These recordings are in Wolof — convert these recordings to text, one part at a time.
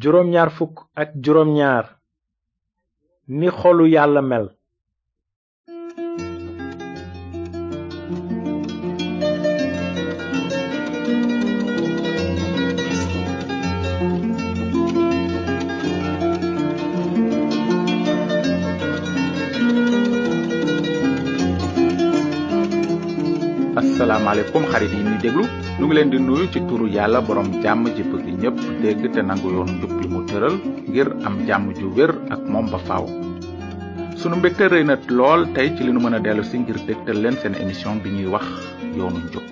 juróom ñaar fukk ak juróom ñaar ni xolu yàlla mel asalaamaaleykum xarit yi ñuy déglu ñu ngi leen di nuyu ci turu yàlla borom jàmm ji bëgg ñépp dégg te nangu yoon njub bi mu tëral ngir am jàmm ju wér ak moom ba faw sunu mbégte rëy na lool tey ci li nu mën a dellu ngir dégtal leen seen émission bi ñuy wax yoonu njub.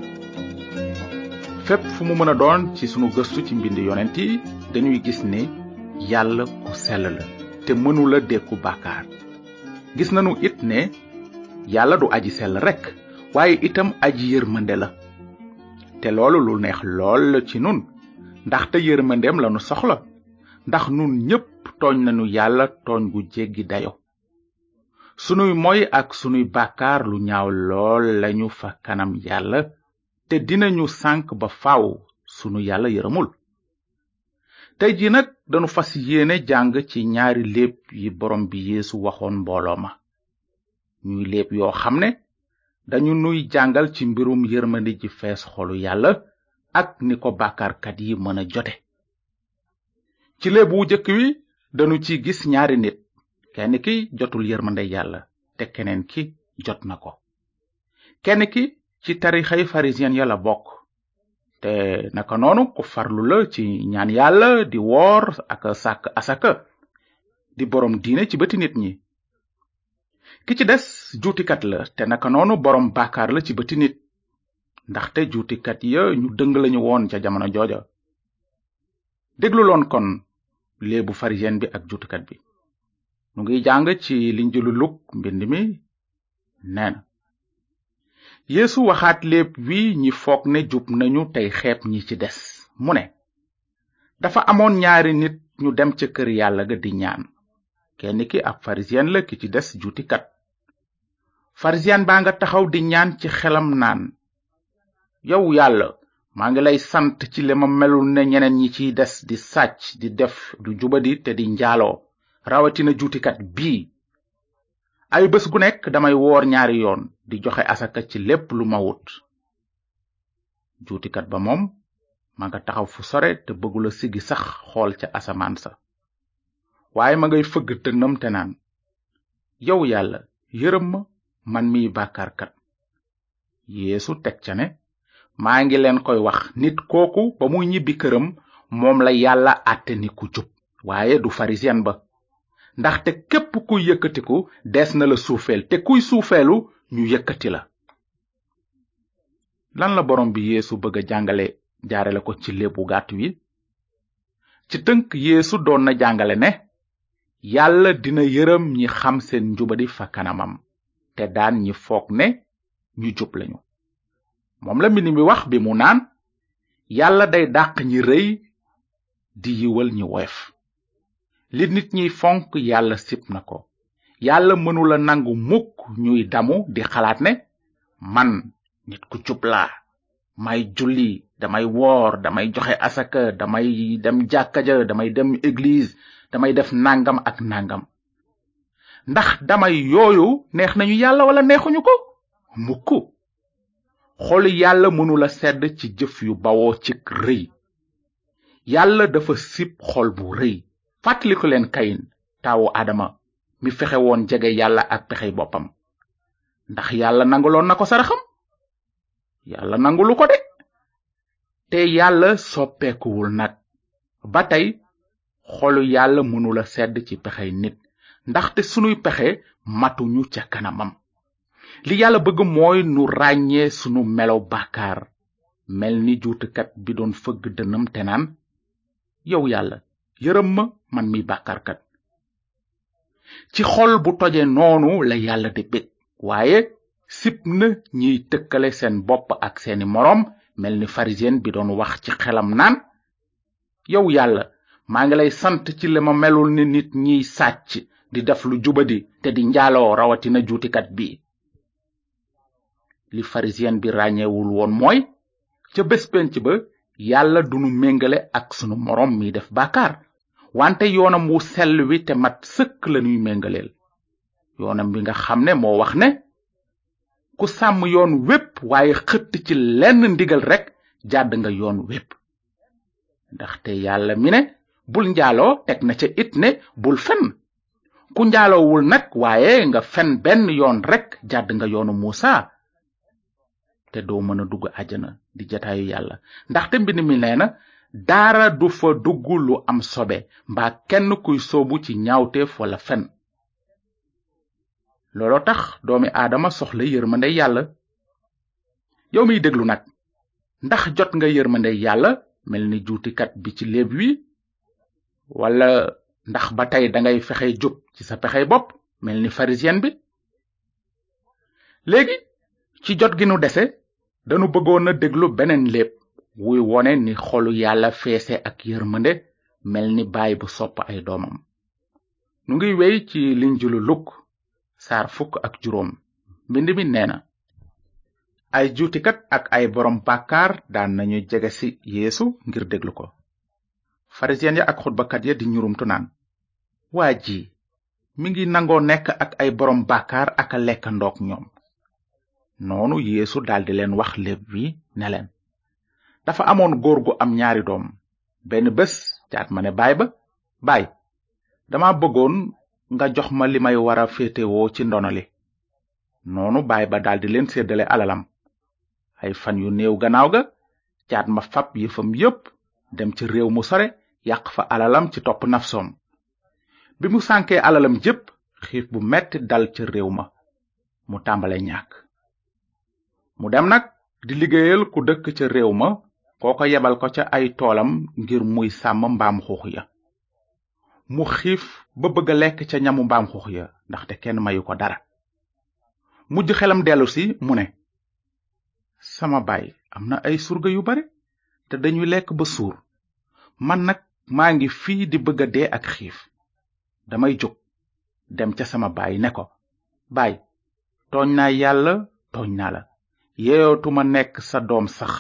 fépp fu mu mën a doon ci sunu gëstu ci mbind yonent yi dañuy gis ni yàlla ku sell la te mënula dékku bàkkaar gis nañu it ne yàlla du aji sell rekk waaye itam aji yërmande la te loolu lu neex lool ci nun ndaxte yërmandeem lanu soxla ndax nun ñépp tooñ nañu yàlla tooñ gu jéggi dayo sunuy moy ak sunuy bàkkaar lu ñaaw lool lañu fa kanam yàlla te dina ñu sànk ba faw sunu yàlla yërëmul te ji nag dañu fas yéene jàng ci ñaari léeb yi borom bi yéesu waxoon mbooloo ma ñuy léeb yoo xam ne dañu nuy jàngal ci mbirum yërmande ji fees xolu yàlla ak ni ko bàkkaarkat yi mën a jote ci léeb wu jëkk wi dañu ci gis ñaari nit kenn ki jotul yërmande yàlla te keneen ki jot na ko kenn ki ci tarixay pharisien ya la bokk te naka noonu ku farlu la ci ñaan yàlla di woor ak sàkk asaka di boroom diine ci bëti nit ñi ki ci des juutikat la te naka noonu boroom baakaar la ci bëti nit ndaxte juutikat ya ñu dëng lañu woon ca jamono jooja déglu loon kon léebu farisiyen bi ak juutikat bi nu ngi jàng ci linjilu luk mbind mi nee na waxaat léeb wi ñi foog ne jub nañu tey xeeb ñi ci des mu ne dafa amoon ñaari nit ñu dem ca kër yàlla ga di ñaan kenn ki ab farisiyen la ki ci des juutikat farisiyaan baa nga taxaw di ñaan ci xelam naan yow yàlla maa ngi lay sant ci li ma melul ne ñeneen ñi ciy des di sàcc di def du jubadi te di njaaloo rawatina juutikat bii ay bés gu nekk damay woor ñaari yoon di joxe asaka ci lépp lu ma juutikat ba moom maa nga taxaw fu sore te bëggula sigi sax xool ca asamaan sa waaye ma ngay fëgg dënnam te naan yow yàlla yërëm man miy bàkkaarkat yeesu teg ca ne maa ngi leen koy wax nit kooku ba muy ñibbi këram moom la yàlla àtte ni ku jub waaye du farisiyen ba ndaxte képp kuy yëkkatiku des na la suufeel te kuy suufeelu ñu yëkkati la lan la borom bi yéesu bëgg a jàngale jaarale ko ci lébu gàtt wi ci tënk yéesu doon na jàngale ne yàlla dina yërëm ñi xam seen njubadi fa kanamam te daan ñi foog ne ñu jub lañu moom la mbind mi wax bi mu naan yàlla day dàq ñi rëy di yiwal ñi woyof li nit ñiy fonk yàlla sib na ko yàlla mënula nangu mukk ñuy damu di xalaat ne man nit ku jub may julli damay woor damay joxe asaka damay dem jàkka damay dem église damay def nangam ak nangam ndax damay yooyu neex nañu yàlla walla neexuñu ko mukk xolu yàlla mënula sedd ci jëf yu bawoo ci rëy yàlla dafa sib xol bu rëy fàttaliku leen kayin taawu adama mi fexe woon jege yàlla ak pexey boppam ndax yàlla nanguloon na ko saraxam yàlla nangulu ko de te yàlla soppeekuwul nag ba tey xolu yàlla mënula sedd ci pexey nit ndaxte sunuy pexe matuñu ca kanamam li yàlla bëgg mooy nu ràññee sunu melo bàkkaar mel ni juutukat bi doon fëgg dënam te naan yow yàlla yërëm ma man mi bàkkaarkat ci xol bu toje noonu la yàlla di bég waaye sib na ñiy tëkkale seen bopp ak seeni moroom mel ni pharisien bi doon wax ci xelam naan yow yàlla maa ngi lay sant ci li ma melul ni nit ñiy sàcc di def lu jubadi te di njaaloo rawatina juutikat bi li pharisien bi ràññeewul woon mooy ca bés ba yàlla dunu méngale ak sunu moroom mi def bàkkaar wante yoonam wu sell wi te mat sëkk lañuy méngaleel yoonam bi nga xam ne moo wax ne ku sàmm yoon wépp waaye xëtt ci lenn ndigal rekk jàdd nga yoon wépp ndaxte yàlla mi ne bul njaaloo teg na ca it ne bul fen ku njaaloowul nag waaye nga fen benn yoon rek jàdd nga yoonu muusa te doo mën a dugg àjjana di jataayu yàlla ndax te mbind mi nee na dara du dugg lu am sobe mba kenn kuy sobu ci ñaawteef wala fen looloo tax doomi aadama soxla yërmande yàlla yow miy déglu nag ndax jot nga yërmande yàlla mel ni juutikat bi ci léeb wi wala ndax ba tey dangay fexe jub ci sa pexey bopp mel ni pharisien bi léegi ci jot gi nu dese danu bëggoon a déglu beneen léeb wuy wone ni xolu yàlla feese ak yërmande mel ni baay bu sopp ay doomam nu ngi wey ci linjilu lukk saar fukk ak juróom mbind mi nee na ay juutikat ak ay borom bàkkaar daan nañu jege ci yéesu ngir déglu ko farisiyen ya ak xutbakat ya di ñurumtu naan waa ji mi ngi nangoo nekk ak ay borom bàkkaar ak a ndoog ñoom noonu yéesu daldi leen wax léeb wi ne leen dafa amoon góor gu am ñaari doom benn bés jaat ma ne baay ba baay dama bëggoon nga jox ma li may wara féetewoo ci ndono li noonu baay ba daldi leen séddale alalam ay fan yu néew gannaaw ga caat ma fab yëfam yépp dem ci réew mu sore yàq fa alalam ci topp nafsoom bi mu sànkee alalam jépp xiif bu metti dal ca réew ma mu tàmbale ñàkk mu dem nag di liggéeyal ku dëkk ca réew ma kooko yebal ko ca ay toolam ngir muy sàmm mbaam xuux ya mu xiif ba bëgg a lekk ca ñamu mbaam xuux ya ndaxte kenn mayu ko dara mujj xelam dellusi mu ne sama baay am na ay surga yu bare te dañuy lekk ba suur man nag maa ngi fii di bëgg a dee ak xiif damay jóg dem ca sama baay ne ko baay tooñ na yàlla tooñ naa la yeyootuma nekk sa doom sax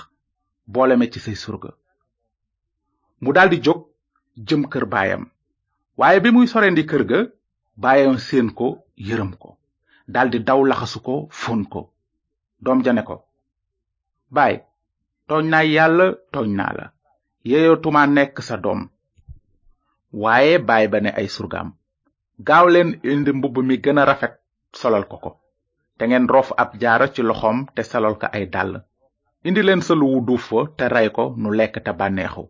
boole ma ci say surga mu daldi jóg jëm kër baayam waaye bi muy sorendi kër ga baayam séen ko yërëm ko daldi daw laxasu ko fon ko doom ja ne ko baay tooñ naa yàlla tooñ naa la yeyootuma nekk sa doom waaye baay ba ne ay surgaam gaaw leen indi mbubb mi gën a rafet solal ko ko te ngeen roof ab jaaro ci loxoom te solal ko ay dàll indi leen sëlu wu duuf fa te rey ko nu lekk te bànneexu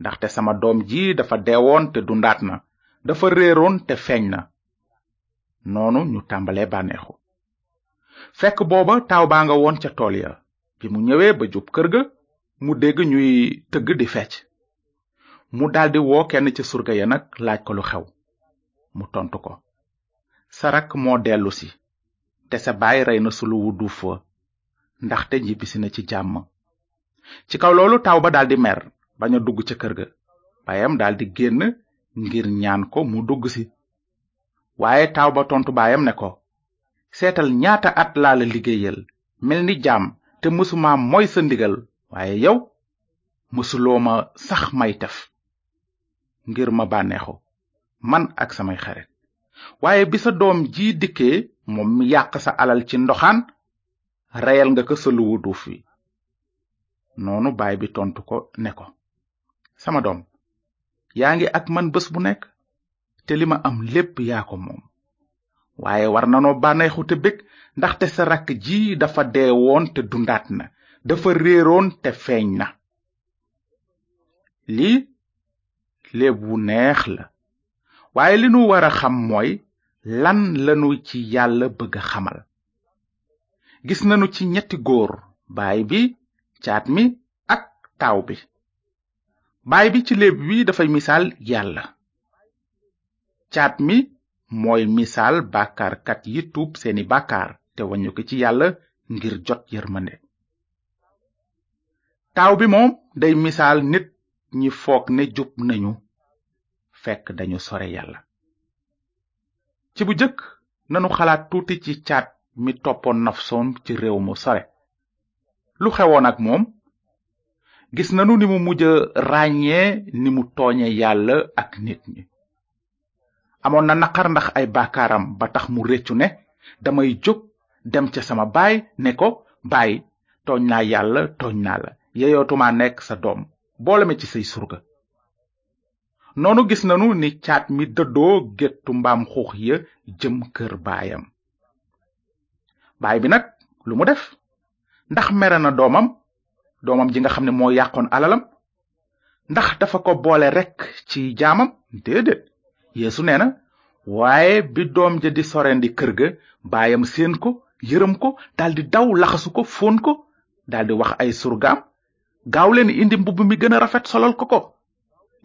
ndaxte sama doom ji dafa deewoon te dundaat na dafa réeroon te feeñ na noonu ñu tàmbalee bànneexu fekk booba taaw baa nga woon ca tool ya bi mu ñëwee ba jub kër ga mu dégg ñuy tëgg di fecc mu daldi woo kenn ca surga ya nag laaj ko lu xew mu tontu ko sa rakk moo dellu si te sa rey na sulu wu duuf wa ndaxte ñibbisi na ci jàmm ci kaw loolu taw ba daldi mer bañ a dugg ca kër ga baayam daldi génn ngir ñaan ko mu dugg si waaye taw ba tontu baayam ne ko seetal ñaata at laa la liggéeyal mel ni jaam te mësuma moy sa ndigal waaye yow mësuloo ma sax may tef ngir ma bànneexu man ak samay xarit waaye bi sa doom ji dikkee moom mi yàq sa alal ci ndoxaan reyal nga ko sa luwu duuf wi noonu baay bi tontu ko ne ko sama doom yaa ngi ak man bés bu nekk te li am lépp yaa ko moom waaye war nanoo bànneexu te bég ndaxte sa rakk ji dafa deewoon te dundaat na dafa réeroon te feeñ na lii léeb wu neex la waaye li nu war a xam mooy lan lanu ci yàlla bëgg xamal gis nanu ci ñetti góor baay bi caat mi ak taaw bi baay bi ci léeb wi dafay misaal yàlla caat mi mooy misaal bàkkaarkat yi tuub seeni bàkkaar te wañu ko ci yàlla ngir jot yërmande taaw bi moom day misaal nit ñi foog ne jub nañu fekk dañu sore yàlla ci bu jëkk nanu xalaat tuuti ci caat mi toppoon nafsoon ci réew mu sore lu xewoon ak moom gis nanu ni mu mujj ràññee ni mu tooñe yàlla ak nit ñi amoon na naqar ndax ay baakaaram ba tax mu réccu ne damay jóg dem ca sama baay ne ko baay tooñ na yàlla tooñ na la yeyootuma nekk sa doom boole ma ci say surga noonu gis nanu ni caat mi dëddoo géttu mbaam xuux ya jëm kër baayam baay bi nag lu mu def ndax mere na doomam doomam ji nga xam ne moo yàqoon alalam ndax dafa ko boole rekk ci jaamam déedéet yeesu nee na waaye bi doom ja di sorendi kër ga baayam séen ko yërëm ko daldi daw laxasu ko foon ko daldi wax ay surgaam gaaw leen indi mbubb mi gën a rafet solal ko ko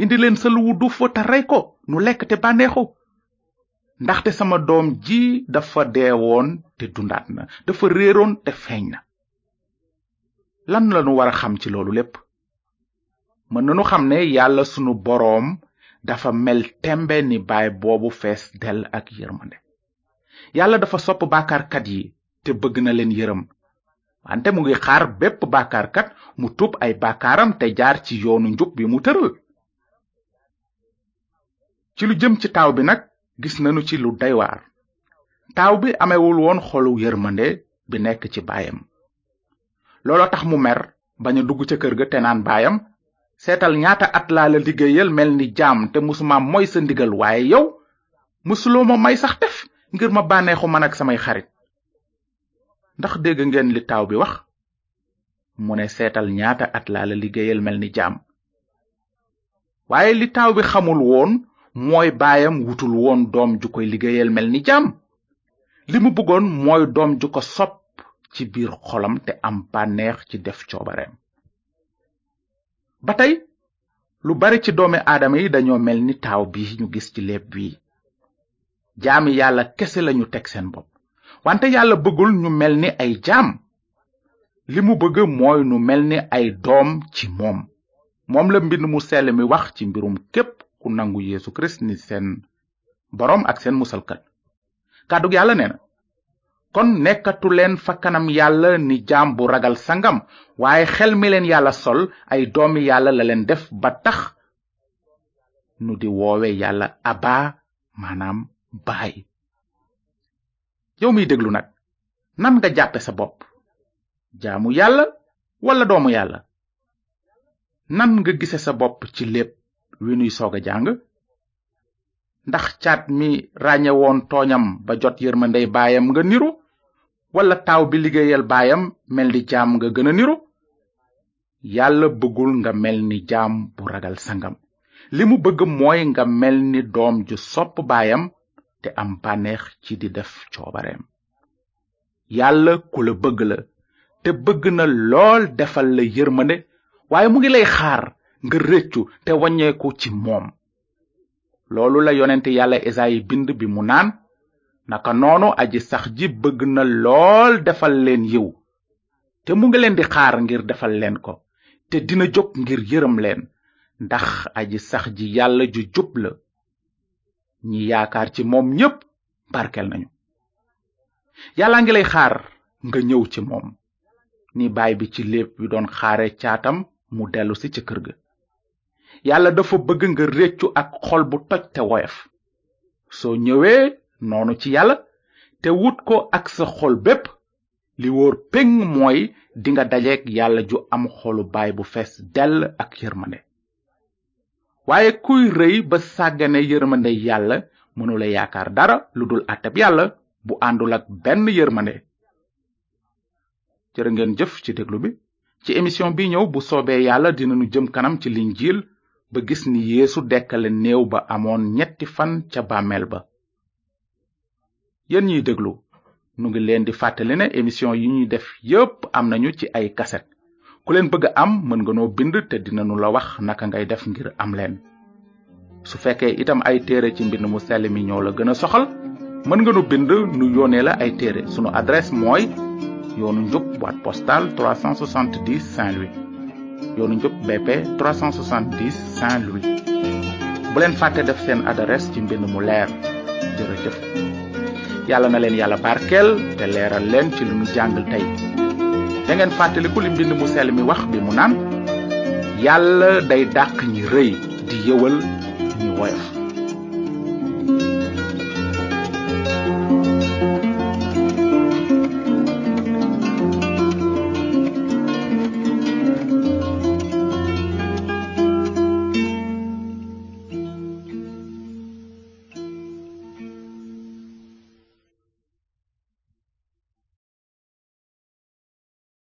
indi leen sa luwu duuf te rey ko nu lekk te bànneexu ndaxte sama doom ji dafa deewoon te dundaat dafa réeroon te feeñ na lan lanu war a xam ci loolu lépp mën na nanu xam ne yàlla sunu boroom dafa mel tembe ni baay boobu fees del ak yërmande yàlla dafa sopp bàkkaarkat yi te bëgg na leen yërëm wante mu ngi xaar bépp bàkkaarkat mu tub ay bàkkaaram te jaar ci yoonu njub bi mu tëral ci lu jëm ci taaw bi nag gis nanu ci lu doy taaw bi amewul woon xolu yërmande bi nekk ci baayam looloo tax mu mer bañ dugg ca kër ga te naan baayam seetal ñaata at laa la liggéeyal mel ni jaam te musuma moy sa ndigal waaye yow musuloo ma may sax def ngir ma bànneexu man ak samay xarit ndax dégg ngeen li taaw bi wax mu ne seetal ñaata at laa la liggéeyal mel ni jaam waaye li taaw bi xamul woon mooy baayam wutul woon doom ju koy liggéeyal mel ni jaam li mu bëggoon mooy doom ju ko sopp ci biir xolam te am bànneex ci def coobareem ba tey lu bari ci doomi aadama yi dañoo mel ni taaw bi ñu gis ci léeb bii jaami yàlla kese lañu teg seen bopp wante yàlla bëggul ñu mel ni ay jaam li mu bëgg mooy nu mel ni ay doom ci moom moom la mbind mu sell mi wax ci mbirum képp ku nangu yéesu Christ ni seen boroom ak seen musalkat kàddug yàlla nee na kon nekkatu leen fa kanam yàlla ni jaam bu ragal sangam waaye xel mi leen yàlla sol ay doomi yàlla la leen def ba tax nu di woowe yàlla abaa maanaam baay yow miy déglu nag nan nga jàppe sa bopp jaamu yàlla wala doomu yàlla nan nga gise sa bopp ci lépp wi nuy soog a jàng ndax caat mi ràññewoon tooñam ba jot yërmandey baayam nga niru walla taaw bi liggéeyal baayam mel ni jaam nga gën a niru yàlla bëggul nga mel ni jaam bu ragal sangam li mu bëgg mooy nga mel ni doom ju sopp baayam te am bànneex ci di def coobareem yàlla ku la bëgg la te bëgg na lool defal la yërmande waaye mu ngi lay xaar nga réccu te wañeeku ci moom loolu la yonent yàlla esayi bind bi mu naan naka noonu aji sax ji bëgg na lool defal leen yiw te mu ngi leen di xaar ngir defal leen ko te dina jóg ngir yërëm leen ndax aji sax ji yàlla ju jub la ñi yaakaar ci moom ñépp barkel nañu yàlla ngi lay xaar nga ñëw ci moom ni baay bi ci léeb bi doon xaare caatam mu dellu si ca kër ga yàlla dafa bëgg nga réccu ak xol bu toj te woyof soo ñëwee noonu ci yàlla te wut ko ak sa xol bépp li wóor péng mooy dinga dajeek yàlla ju am xolu baay bu fees dell ak yërmande waaye kuy rëy ba sàggane yërmande yàlla mënula yaakaar dara lu dul àtteb yàlla bu àndul ak benn yërmande jërë ngeen jëf ci déglu bi ci émission bi ñëw bu soobee yàlla dinañu jëm kanam ci liñ linjiil ba gis ni yéesu dekkale néew ba amoon ñetti fan ca bàmmeel ba yéen ñiy déglu nu ngi leen di fàttali na émission yi ñuy def yépp am nañu ci ay kaset ku leen bëgg am mën nga noo bind te dinañu la wax naka ngay def ngir am leen su fekkee itam ay téere ci mbind mu sell mi ñoo la gën a soxal mën nga nu bind nu yónnee la ay téere sunu adresse mooy yoonu njub boîte postale 370 Saint-Louis yoonu Ndiop BP 370 Saint-Louis bu leen fàtte def seen adresse ci mbind mu leer jërëjëf yàlla na leen yàlla barkeel te leeral leen ci lu ñu jàngal tey da ngeen fàttaliku li mbind mu sell mi wax bi mu naan yàlla day dàq ñi rëy di yëwal ñu woyof.